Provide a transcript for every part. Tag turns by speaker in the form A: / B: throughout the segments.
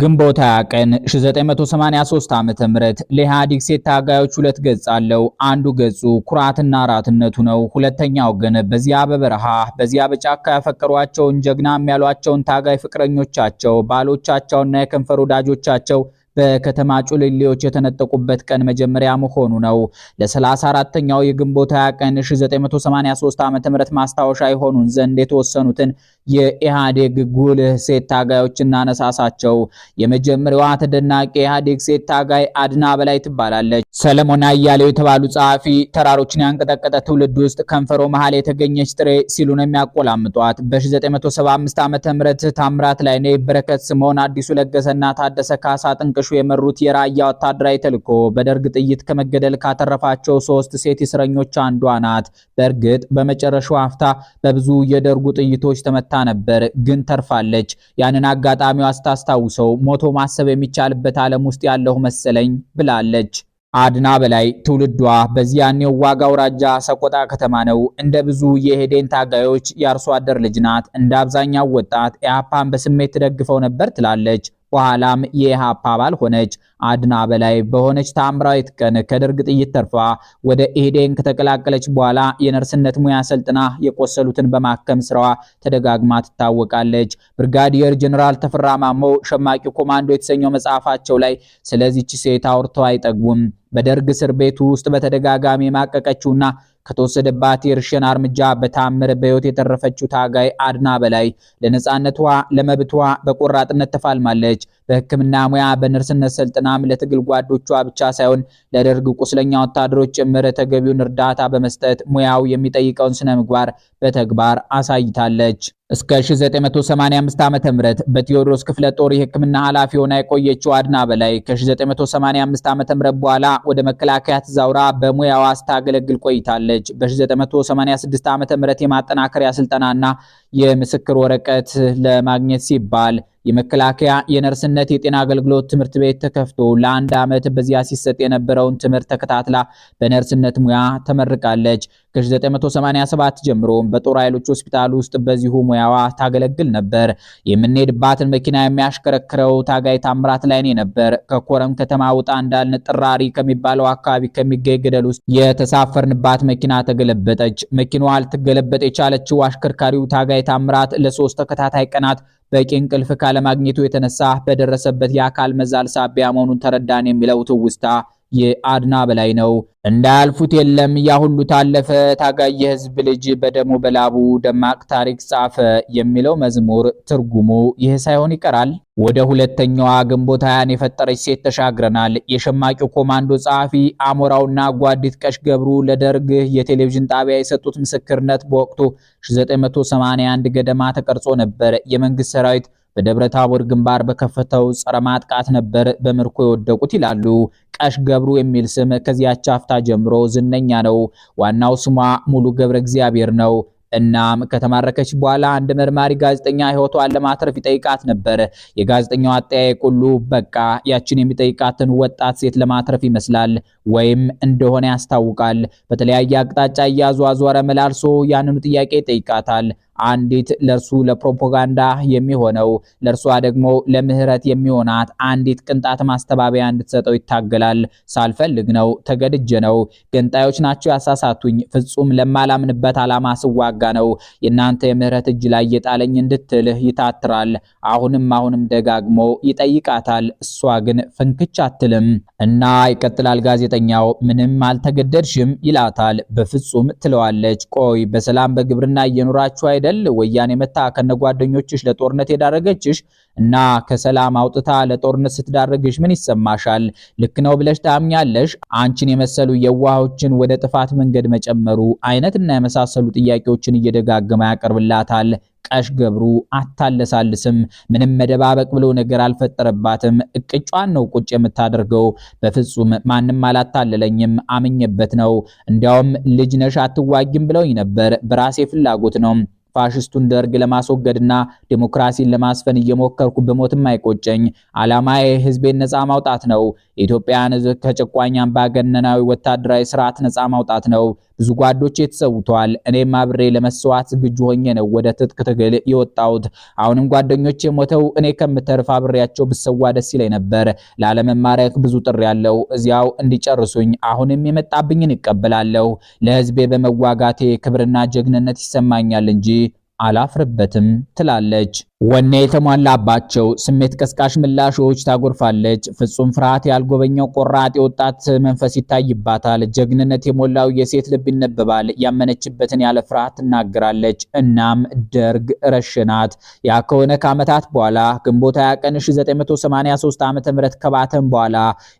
A: ግንቦት 20 ቀን 1983 ዓመተ ምህረት ለኢህአዴግ ሴት ታጋዮች ሁለት ገጽ አለው። አንዱ ገጹ ኩራትና አራትነቱ ነው። ሁለተኛው ግን በዚያ በበረሃ በዚያ በጫካ ያፈቀሯቸውን ጀግናም ያሏቸውን ታጋይ ፍቅረኞቻቸው፣ ባሎቻቸውና የከንፈር ወዳጆቻቸው በከተማ ጩልሌዎች የተነጠቁበት ቀን መጀመሪያ መሆኑ ነው። ለ34ተኛው የግንቦት 20 ቀን 1983 ዓ.ም ማስታወሻ የሆኑን ዘንድ የተወሰኑትን የኢህአዴግ ጉልህ ሴት ታጋዮች እናነሳሳቸው። የመጀመሪያዋ ተደናቂ የኢህአዴግ ሴት ታጋይ አድና በላይ ትባላለች። ሰለሞን አያሌው የተባሉ ጸሐፊ ተራሮችን ያንቀጠቀጠ ትውልድ ውስጥ ከንፈሮ መሃል የተገኘች ጥሬ ሲሉ ነው የሚያቆላምጧት። በ1975 ዓ.ም ታምራት ላይኔ፣ በረከት ስምዖን፣ አዲሱ ለገሰና ታደሰ ካሳ ጥንቅ ሲሸሹ የመሩት የራያ ወታደራዊ ተልዕኮ በደርግ ጥይት ከመገደል ካተረፋቸው ሶስት ሴት እስረኞች አንዷ ናት። በእርግጥ በመጨረሻው አፍታ በብዙ የደርጉ ጥይቶች ተመታ ነበር፣ ግን ተርፋለች። ያንን አጋጣሚዋ ስታስታውሰው ሞቶ ማሰብ የሚቻልበት ዓለም ውስጥ ያለሁ መሰለኝ ብላለች። አድና በላይ ትውልዷ በዚያኔው ዋጋ አውራጃ ሰቆጣ ከተማ ነው። እንደ ብዙ የሄዴን ታጋዮች የአርሶ አደር ልጅ ናት። እንደ አብዛኛው ወጣት ኢህአፓን በስሜት ትደግፈው ነበር ትላለች። በኋላም የኢህአፓ አባል ሆነች። አድና በላይ በሆነች ታምራዊት ቀን ከደርግ ጥይት ተርፋ ወደ ኢህዴን ከተቀላቀለች በኋላ የነርስነት ሙያ ሰልጥና የቆሰሉትን በማከም ስራዋ ተደጋግማ ትታወቃለች። ብርጋዲየር ጀነራል ተፈራ ማሞ ሸማቂ ኮማንዶ የተሰኘው መጽሐፋቸው ላይ ስለዚች ሴት አውርተው አይጠግቡም። በደርግ እስር ቤት ውስጥ በተደጋጋሚ የማቀቀችውና ከተወሰደባት የርሽን እርምጃ በታምር በህይወት የተረፈችው ታጋይ አድና በላይ ለነጻነቷ ለመብቷ በቆራጥነት ተፋልማለች። በሕክምና ሙያ በነርስነት ስልጠናም ለትግል ጓዶቿ ብቻ ሳይሆን ለደርግ ቁስለኛ ወታደሮች ጭምር ተገቢውን እርዳታ በመስጠት ሙያው የሚጠይቀውን ስነ ምግባር በተግባር አሳይታለች። እስከ 1985 ዓ ም በቴዎድሮስ ክፍለ ጦር የህክምና ኃላፊ ሆና የቆየችው አድና በላይ ከ1985 ዓ ም በኋላ ወደ መከላከያ ትዛውራ በሙያዋ ስታገለግል ቆይታለች። በ1986 ዓ ም የማጠናከሪያ ስልጠናና የምስክር ወረቀት ለማግኘት ሲባል የመከላከያ የነርስነት የጤና አገልግሎት ትምህርት ቤት ተከፍቶ ለአንድ ዓመት በዚያ ሲሰጥ የነበረውን ትምህርት ተከታትላ በነርስነት ሙያ ተመርቃለች። ከ1987 ጀምሮ በጦር ኃይሎች ሆስፒታል ውስጥ በዚሁ ሙያዋ ታገለግል ነበር። የምንሄድባትን መኪና የሚያሽከረክረው ታጋይ ታምራት ላይኔ ነበር። ከኮረም ከተማ ውጣ እንዳልን ጥራሪ ከሚባለው አካባቢ ከሚገኝ ገደል ውስጥ የተሳፈርንባት መኪና ተገለበጠች። መኪናዋ ልትገለበጥ የቻለችው አሽከርካሪው ታጋይ ታምራት ለሶስት ተከታታይ ቀናት በቂ እንቅልፍ ካለማግኘቱ የተነሳ በደረሰበት የአካል መዛል ሳቢያ መሆኑን ተረዳን የሚለው ትውስታ የአድና በላይ ነው። እንዳያልፉት የለም ያ ሁሉ ታለፈ ታጋይ የህዝብ ልጅ በደሙ በላቡ ደማቅ ታሪክ ጻፈ የሚለው መዝሙር ትርጉሙ ይህ ሳይሆን ይቀራል። ወደ ሁለተኛዋ ግንቦት ሃያን የፈጠረች ሴት ተሻግረናል። የሸማቂው ኮማንዶ ጸሐፊ አሞራውና ጓዲት ቀሽ ገብሩ ለደርግ የቴሌቪዥን ጣቢያ የሰጡት ምስክርነት በወቅቱ 1981 ገደማ ተቀርጾ ነበር። የመንግስት ሰራዊት በደብረ ታቦር ግንባር በከፈተው ጸረ ማጥቃት ነበር በምርኮ የወደቁት ይላሉ። ቀሽ ገብሩ የሚል ስም ከዚያች አፍታ ጀምሮ ዝነኛ ነው። ዋናው ስሟ ሙሉ ገብረ እግዚአብሔር ነው። እናም ከተማረከች በኋላ አንድ መርማሪ ጋዜጠኛ ሕይወቷን ለማትረፍ ይጠይቃት ነበር። የጋዜጠኛው አጠያየቅ ሁሉ በቃ ያችን የሚጠይቃትን ወጣት ሴት ለማትረፍ ይመስላል ወይም እንደሆነ ያስታውቃል። በተለያየ አቅጣጫ እያዟዟረ መላልሶ ያንኑ ጥያቄ ይጠይቃታል። አንዲት ለእርሱ ለፕሮፓጋንዳ የሚሆነው ለእርሷ ደግሞ ለምህረት የሚሆናት አንዲት ቅንጣት ማስተባበያ እንድትሰጠው ይታገላል። ሳልፈልግ ነው፣ ተገድጄ ነው። ገንጣዮች ናቸው ያሳሳቱኝ። ፍጹም ለማላምንበት ዓላማ ስዋጋ ነው። የእናንተ የምህረት እጅ ላይ የጣለኝ እንድትልህ ይታትራል። አሁንም አሁንም ደጋግሞ ይጠይቃታል። እሷ ግን ፍንክች አትልም እና ይቀጥላል ጋዜጠኛው። ምንም አልተገደድሽም ይላታል። በፍጹም ትለዋለች። ቆይ በሰላም በግብርና እየኖራችሁ አይደ ገደል ወያኔ መታ ከነጓደኞችሽ ለጦርነት የዳረገችሽ እና ከሰላም አውጥታ ለጦርነት ስትዳረግሽ ምን ይሰማሻል? ልክ ነው ብለሽ ታምኛለሽ? አንቺን የመሰሉ የዋሆችን ወደ ጥፋት መንገድ መጨመሩ አይነት እና የመሳሰሉ ጥያቄዎችን እየደጋገመ ያቀርብላታል። ቀሽ ገብሩ አታለሳልስም። ምንም መደባበቅ ብሎ ነገር አልፈጠረባትም። እቅጯን ነው ቁጭ የምታደርገው። በፍጹም ማንም አላታለለኝም፣ አምኜበት ነው። እንዲያውም ልጅ ነሽ አትዋጊም ብለውኝ ነበር። በራሴ ፍላጎት ነው ፋሽስቱን ደርግ ለማስወገድና ዴሞክራሲን ለማስፈን እየሞከርኩ በሞትም አይቆጨኝ። ዓላማዬ ህዝቤን ነፃ ማውጣት ነው። የኢትዮጵያን ህዝብ ከጨቋኝ አምባገነናዊ ወታደራዊ ስርዓት ነፃ ማውጣት ነው። ብዙ ጓዶቼ ተሰውተዋል። እኔም አብሬ ለመስዋዕት ዝግጁ ሆኜ ነው ወደ ትጥቅ ትግል የወጣሁት። አሁንም ጓደኞቼ ሞተው እኔ ከምተርፍ አብሬያቸው ብሰዋ ደስ ይለኝ ነበር። ላለመማረክ ብዙ ጥሪ ያለው እዚያው እንዲጨርሱኝ አሁንም የመጣብኝን ይቀበላለሁ። ለህዝቤ በመዋጋቴ ክብርና ጀግንነት ይሰማኛል እንጂ አላፍርበትም ትላለች። ወኔ የተሟላባቸው ስሜት ቀስቃሽ ምላሾች ታጎርፋለች። ፍጹም ፍርሃት ያልጎበኘው ቆራጥ የወጣት መንፈስ ይታይባታል። ጀግንነት የሞላው የሴት ልብ ይነበባል። ያመነችበትን ያለ ፍርሃት ትናገራለች። እናም ደርግ ረሽናት ያ ከሆነ ከዓመታት በኋላ ግንቦት ሃያ ቀን 1983 ዓ.ም ከባተም በኋላ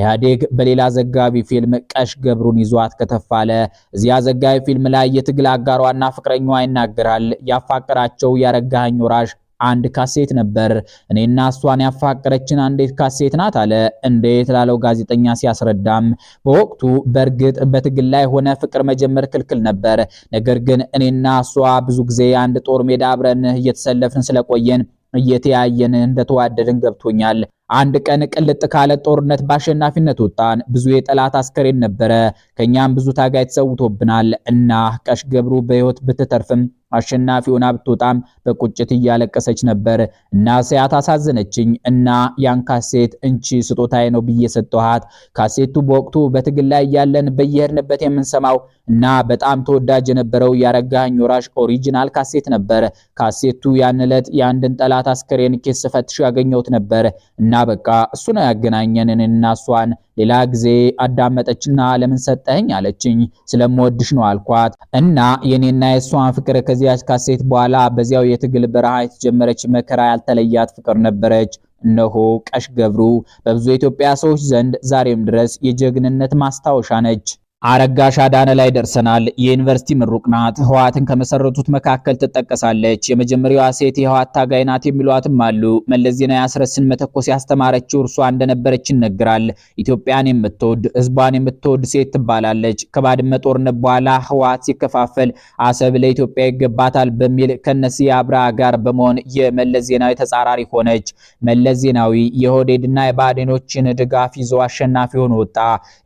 A: ኢህአዴግ በሌላ ዘጋቢ ፊልም ቀሽ ገብሩን ይዟት ከተፋለ። እዚያ ዘጋቢ ፊልም ላይ የትግል አጋሯና ፍቅረኛዋ ይናገራል። ያፋቀራቸው ያረጋኸኝ ወራሽ አንድ ካሴት ነበር። እኔና እሷን ያፋቀረችን አንዲት ካሴት ናት አለ። እንዴት ላለው ጋዜጠኛ ሲያስረዳም በወቅቱ በእርግጥ በትግል ላይ ሆነ ፍቅር መጀመር ክልክል ነበር። ነገር ግን እኔና እሷ ብዙ ጊዜ አንድ ጦር ሜዳ አብረን እየተሰለፍን ስለቆየን እየተያየን እንደተዋደድን ገብቶኛል። አንድ ቀን ቅልጥ ካለ ጦርነት በአሸናፊነት ወጣን። ብዙ የጠላት አስከሬን ነበረ። ከኛም ብዙ ታጋይ ተሰውቶብናል እና ቀሽ ገብሩ በህይወት ብትተርፍም አሸናፊውን አብትወጣም በቁጭት እያለቀሰች ነበር። እና ሰያት አሳዘነችኝ እና ያን ካሴት እንቺ ስጦታዬ ነው ብዬ ሰጠኋት። ካሴቱ በወቅቱ በትግል ላይ ያለን በየሄድንበት የምንሰማው እና በጣም ተወዳጅ የነበረው ያረጋኝ ወራሽ ኦሪጂናል ካሴት ነበር። ካሴቱ ያን ዕለት የአንድን ጠላት አስከሬን ኬስ ፈትሽ ያገኘሁት ነበር እና በቃ እሱ ነው ያገናኘንን እና እሷን ሌላ ጊዜ አዳመጠችና ለምን ሰጠኝ አለችኝ። ስለምወድሽ ነው አልኳት እና የኔና የእሷን ፍቅር ከዚያች ካሴት በኋላ በዚያው የትግል በረሃ የተጀመረች መከራ ያልተለያት ፍቅር ነበረች። እነሆ ቀሽ ገብሩ በብዙ የኢትዮጵያ ሰዎች ዘንድ ዛሬም ድረስ የጀግንነት ማስታወሻ ነች። አረጋ ሻዳነ ላይ ደርሰናል። የዩኒቨርሲቲ ምሩቅ ናት። ህወሓትን ከመሰረቱት መካከል ትጠቀሳለች። የመጀመሪያዋ ሴት የህወሓት ታጋይ ናት የሚሏትም አሉ። መለስ ዜናዊ አስረስን መተኮስ ያስተማረችው እርሷ እንደነበረች ይነግራል። ኢትዮጵያን የምትወድ ህዝቧን የምትወድ ሴት ትባላለች። ከባድመ ጦርነት በኋላ ህወሓት ሲከፋፈል አሰብ ለኢትዮጵያ ይገባታል በሚል ከነሲያ አብርሃ ጋር በመሆን የመለስ ዜናዊ ተጻራሪ ሆነች። መለስ ዜናዊ የሆዴድና የባዴኖችን ድጋፍ ይዞ አሸናፊ ሆኖ ወጣ።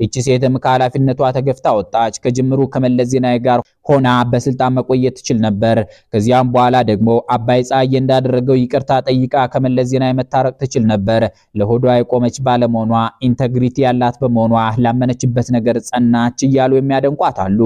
A: ይቺ ሴትም ከኃላፊነቷ ተገፍታ ወጣች። ከጅምሩ ከመለስ ዜናዊ ጋር ሆና በስልጣን መቆየት ትችል ነበር። ከዚያም በኋላ ደግሞ አባይ ፀሐዬ እንዳደረገው ይቅርታ ጠይቃ ከመለስ ዜናዊ መታረቅ ትችል ነበር። ለሆዷ የቆመች ባለመሆኗ ኢንተግሪቲ ያላት በመሆኗ ላመነችበት ነገር ጸናች እያሉ የሚያደንቋት አሉ።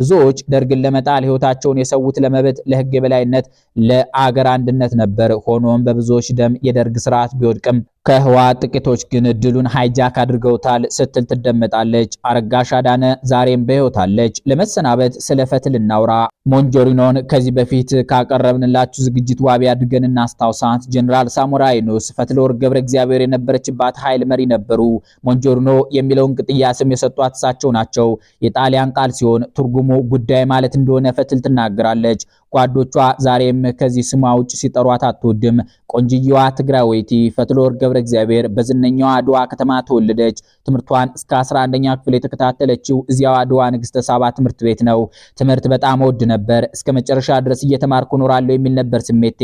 A: ብዙዎች ደርግን ለመጣል ህይወታቸውን የሰውት ለመብት፣ ለህግ የበላይነት፣ ለአገር አንድነት ነበር። ሆኖም በብዙዎች ደም የደርግ ስርዓት ቢወድቅም ከህወሓት ጥቂቶች ግን እድሉን ሃይጃክ አድርገውታል ስትል ትደመጣለች። አረጋሽ አዳነ ዛሬም በህይወት አለች። ለመሰናበት ስለፈ ክስተት ልናውራ። ሞንጆሪኖን ከዚህ በፊት ካቀረብንላችሁ ዝግጅት ዋቢ አድርገን እናስታውሳት። ጀኔራል ሳሞራ ዩኑስ ፈትለወርቅ ገብረ እግዚአብሔር የነበረችባት ኃይል መሪ ነበሩ። ሞንጆሪኖ የሚለውን ቅጥያ ስም የሰጧት እሳቸው ናቸው። የጣሊያን ቃል ሲሆን ትርጉሙ ጉዳይ ማለት እንደሆነ ፈትል ትናገራለች። ጓዶቿ ዛሬም ከዚህ ስሟ ውጭ ሲጠሯት አትወድም። ቆንጅየዋ ትግራዊቲ ፈትለወርቅ ገብረ እግዚአብሔር በዝነኛው አድዋ ከተማ ተወለደች። ትምህርቷን እስከ 11ኛ ክፍል የተከታተለችው እዚያው አድዋ ንግስተ ሳባ ትምህርት ቤት ነው። ትምህርት በጣም ወድ ነበር። እስከ መጨረሻ ድረስ እየተማርኩ እኖራለሁ የሚል ነበር ስሜቴ።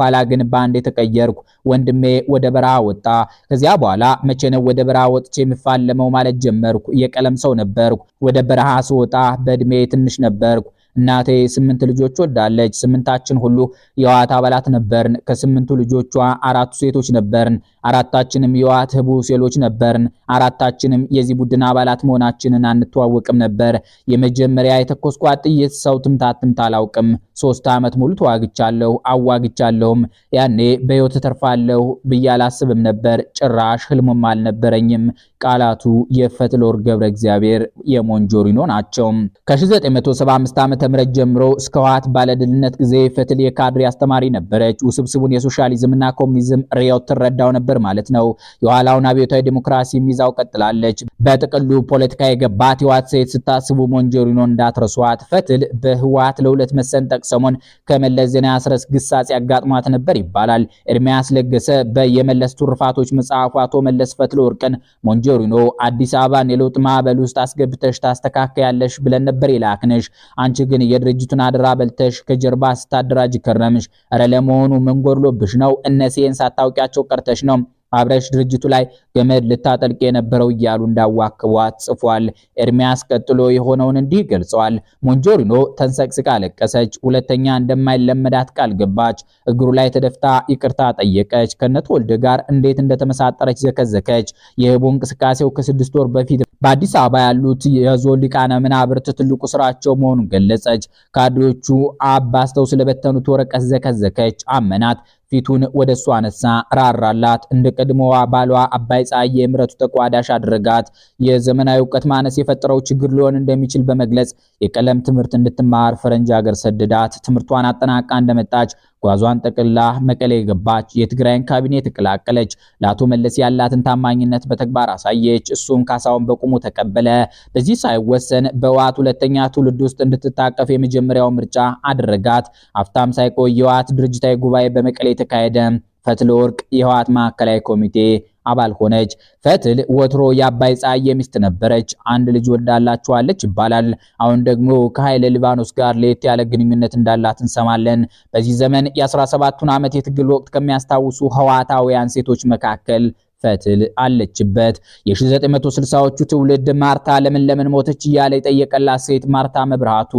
A: ኋላ ግን በአንድ የተቀየርኩ። ወንድሜ ወደ በረሃ ወጣ። ከዚያ በኋላ መቼ ነው ወደ በረሃ ወጥቼ የሚፋለመው ማለት ጀመርኩ። የቀለም ሰው ነበርኩ። ወደ በረሃ ስወጣ በእድሜ ትንሽ ነበርኩ። እናቴ ስምንት ልጆች ወልዳለች። ስምንታችን ሁሉ የዋት አባላት ነበርን። ከስምንቱ ልጆቿ አራቱ ሴቶች ነበርን። አራታችንም የዋት ህቡ ሴሎች ነበርን። አራታችንም የዚህ ቡድን አባላት መሆናችንን አንተዋወቅም ነበር። የመጀመሪያ የተኮስኳ ጥይት ሰው ትምታት ትምታ አላውቅም። ሶስት ዓመት ሙሉ ተዋግቻለሁ አዋግቻለሁም። ያኔ በህይወት ተርፋለሁ ብዬ አላስብም ነበር። ጭራሽ ህልምም አልነበረኝም። ቃላቱ የፈትሎር ገብረ እግዚአብሔር የሞንጆሪኖ ናቸው። ከ975 ዓ ጀምሮ እስከ ህወሓት ባለድልነት ጊዜ ፈትል የካድሬ አስተማሪ ነበረች። ውስብስቡን የሶሻሊዝምና ኮሙኒዝም ርዕዮት ትረዳው ነበር ማለት ነው። የኋላውን አብዮታዊ ዲሞክራሲ ይዛው ቀጥላለች። በጥቅሉ ፖለቲካ የገባት ህወሓት ሴት ስታስቡ ሞንጆሪኖ እንዳትረሷት። ፈትል በህወሓት ለሁለት መሰንጠቅ ሰሞን ከመለስ ዜና አስረስ ግሳጼ አጋጥሟት ነበር ይባላል። ኤርሚያስ ለገሰ በየመለስ ቱርፋቶች መጽሐፉ አቶ መለስ ፈትል ወርቅን ሞንጆሪኖ አዲስ አበባን የለውጥ ማዕበል ውስጥ አስገብተሽ ታስተካከያለሽ ብለን ነበር የላክነሽ አንቺ ግን የድርጅቱን አደራ በልተሽ ከጀርባ ስታደራጅ ከረምሽ። እረ ለመሆኑ ምን ጎድሎብሽ ነው? እነሴን ሳታውቂያቸው ቀርተሽ ነው አብረሽ ድርጅቱ ላይ ገመድ ልታጠልቅ የነበረው እያሉ እንዳዋክቧት ጽፏል። ኤርሚያስ ቀጥሎ የሆነውን እንዲህ ገልጸዋል። ሞንጆሪኖ ተንሰቅስቃ አለቀሰች። ሁለተኛ እንደማይለመዳት ቃል ገባች። እግሩ ላይ ተደፍታ ይቅርታ ጠየቀች። ከነተወልደ ጋር እንዴት እንደተመሳጠረች ዘከዘከች። የህቡ እንቅስቃሴው ከስድስት ወር በፊት በአዲስ አበባ ያሉት የዞን ሊቃነ መናብርት ትልቁ ስራቸው መሆኑን ገለጸች። ካድሬዎቹ አባስተው ስለበተኑት ወረቀት ዘከዘከች አመናት። ፊቱን ወደ እሷ አነሳ፣ ራራላት። እንደ ቀድሞዋ ባሏ አባይ ፀሐይ የምረቱ ተቋዳሽ አድርጋት። የዘመናዊ እውቀት ማነስ የፈጠረው ችግር ሊሆን እንደሚችል በመግለጽ የቀለም ትምህርት እንድትማር ፈረንጅ ሀገር ሰደዳት። ትምህርቷን አጠናቃ እንደመጣች ጓዟን ጠቅላ መቀሌ ገባች። የትግራይን ካቢኔ ተቀላቀለች። ለአቶ መለስ ያላትን ታማኝነት በተግባር አሳየች። እሱም ካሳውን በቁሙ ተቀበለ። በዚህ ሳይወሰን በዋት ሁለተኛ ትውልድ ውስጥ እንድትታቀፍ የመጀመሪያው ምርጫ አደረጋት። አፍታም ሳይቆይ የዋት ድርጅታዊ ጉባኤ በመቀሌ የተካሄደ ፈትል ወርቅ የህወሓት ማዕከላዊ ኮሚቴ አባል ሆነች። ፈትል ወትሮ የአባይ ፀሐይ የሚስት ነበረች። አንድ ልጅ ወልዳላችኋለች ይባላል። አሁን ደግሞ ከኃይለ ሊባኖስ ጋር ለየት ያለ ግንኙነት እንዳላት እንሰማለን። በዚህ ዘመን የ17ቱን ዓመት የትግል ወቅት ከሚያስታውሱ ህወሓታውያን ሴቶች መካከል ፈትል አለችበት። የ1960ዎቹ ትውልድ ማርታ ለምን ለምን ሞተች እያለ የጠየቀላት ሴት ማርታ መብርሃቱ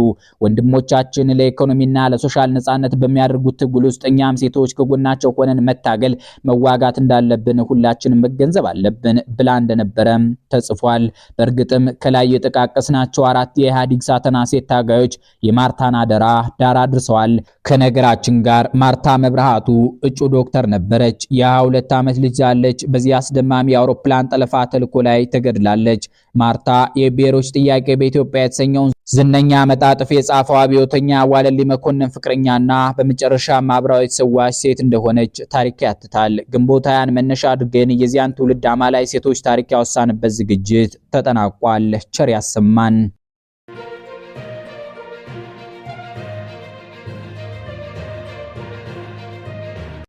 A: ወንድሞቻችን ለኢኮኖሚና ለሶሻል ነጻነት በሚያደርጉት ትግል ውስጥ እኛም ሴቶች ከጎናቸው ሆነን መታገል መዋጋት እንዳለብን ሁላችንም መገንዘብ አለብን ብላ እንደነበረ ተጽፏል። በእርግጥም ከላይ የጠቃቀስናቸው አራት የኢህአዴግ ሳተና ሴት ታጋዮች የማርታን አደራ ዳር አድርሰዋል። ከነገራችን ጋር ማርታ መብርሃቱ እጩ ዶክተር ነበረች። የ22 ዓመት ልጅ አለች። በዚህ በዚህ አስደማሚ የአውሮፕላን ጠለፋ ተልኮ ላይ ተገድላለች። ማርታ የብሔሮች ጥያቄ በኢትዮጵያ የተሰኘውን ዝነኛ መጣጥፍ የጻፈው አብዮተኛ ዋለልይ መኮንን ፍቅረኛና በመጨረሻ ማብራዊ የተሰዋች ሴት እንደሆነች ታሪክ ያትታል። ግንቦታያን መነሻ አድርገን የዚያን ትውልድ አማላይ ሴቶች ታሪክ ያወሳንበት ዝግጅት ተጠናቋል። ቸር ያሰማን።